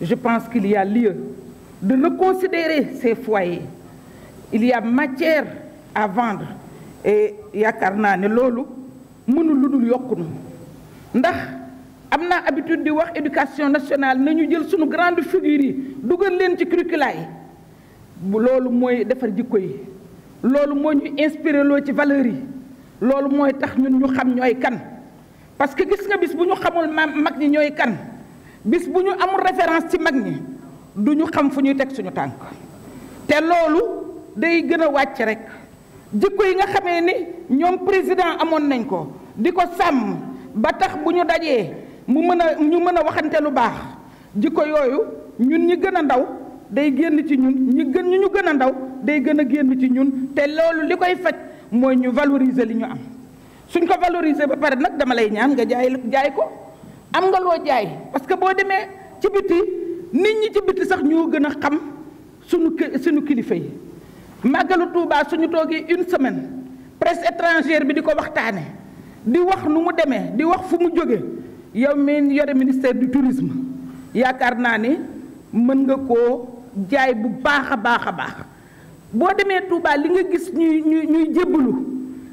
je pense qu'il y a lieu de reconsidérer ces foyers il y matière à vendre e yaakaar naa ne loolu mënul lu dul yokkunu ndax am na habitude di wax éducation nationale nañu jël suñu grande figure yi dugal leen ci criculat yi bu loolu mooy defar jikko yi loolu mooy ñu inspiré loo ci valeur yi loolu mooy tax ñun ñu xam ñooy kan parce que gis nga bis bu ñu xamul maam mag ñi ñooy kan bis bu ñu amul référence ci mag ñi du ñu xam fu ñuy teg suñu tànk te loolu day gën a wàcc rek jikko yi nga xamee ni ñoom président amoon nañ ko di ko sàmm ba tax bu ñu dajee mu mën a ñu mën a waxante lu baax jikko yooyu ñun ñi gën a ndaw day génn ci ñun ñi gën ñu ñu gën a ndaw day gën a génn ci ñun te loolu li koy faj mooy ñu valoriser li ñu am suñ ko valoriser ba pare nag dama lay ñaan nga jaay jaay ko am nga loo jaay parce que boo demee ci biti nit ñi ci biti sax ñoo gën a xam suñu suñu kilifa yi màggalu Tuubaa suñu toogee une semaine presse étrangère bi di ko waxtaane di wax nu mu demee di wax fu mu jóge yow mi yore ministère di tourisme yaakaar naa ni mën nga koo jaay bu baax a baax a baax boo demee Touba li nga gis ñuy ñuy ñuy jébbalu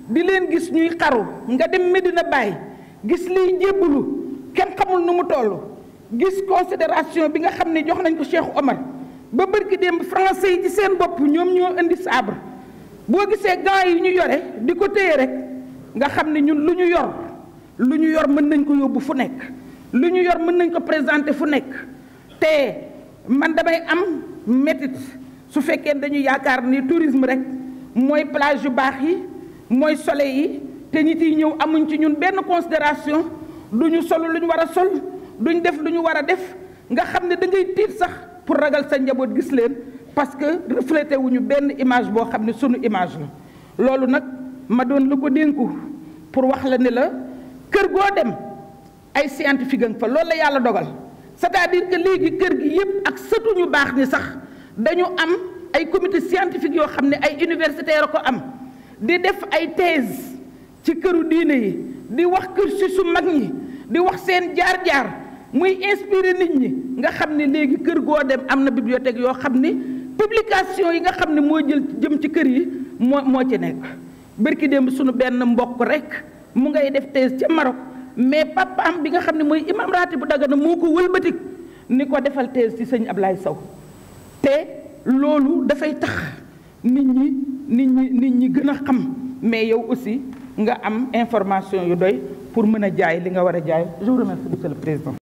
di leen gis ñuy xaru nga dem Medina Baye gis liy jébbalu kenn xamul nu mu toll gis considération bi nga xam ne jox nañ ko Cheikh Omar ba bërki démb français yi ci seen bopp ñoom ñoo indi sabre boo gisee gants yi ñu yore di ko téye rek nga xam ne ñun lu ñu yor lu ñu yor mën nañ ko yóbbu fu nekk lu ñu yor mën nañ ko présenter fu nekk te man damay am métit su fekkee dañu yaakaar ni tourisme rek mooy plage yu baax yi mooy soleil yi te nit yi ñëw amuñ ci ñun benn considération du ñu sol lu ñu war a sol duñ def lu ñu war a def nga xam ne da ngay tiit sax pour ragal sa njaboot gis leen parce que reflété wu benn image boo xam ne sunu image la loolu nag ma doon lu ko dénku pour wax la ne la kër goo dem ay scientifique nga fa loolu la yàlla dogal cest à que léegi kër gi yépp ak sëtu ñu baax ni sax dañu am ay comité scientifique yoo xam ne ay universitaire a ko am di def ay thèse ci këru diine yi di wax kër si su mag ñi di wax seen jaar-jaar muy inspiré nit ñi nga xam ne léegi kër goo dem am na bibliothèque yoo xam ni publication yi nga xam ne moo jël jëm ci kër yi moo moo ci nekk bërki démb suñu benn mbokk rek mu ngay def thèse ci Maroc mais papaam bi nga xam ne mooy imam ratib bu Dagana moo ko wëlbatik ni ko defal thèse ci sëñ Ablaye Sow te loolu dafay tax nit ñi nit ñi nit ñi gën a xam mais yow aussi nga am information yu doy pour mën a jaay li nga war a jaay je vous remercie monsieur le président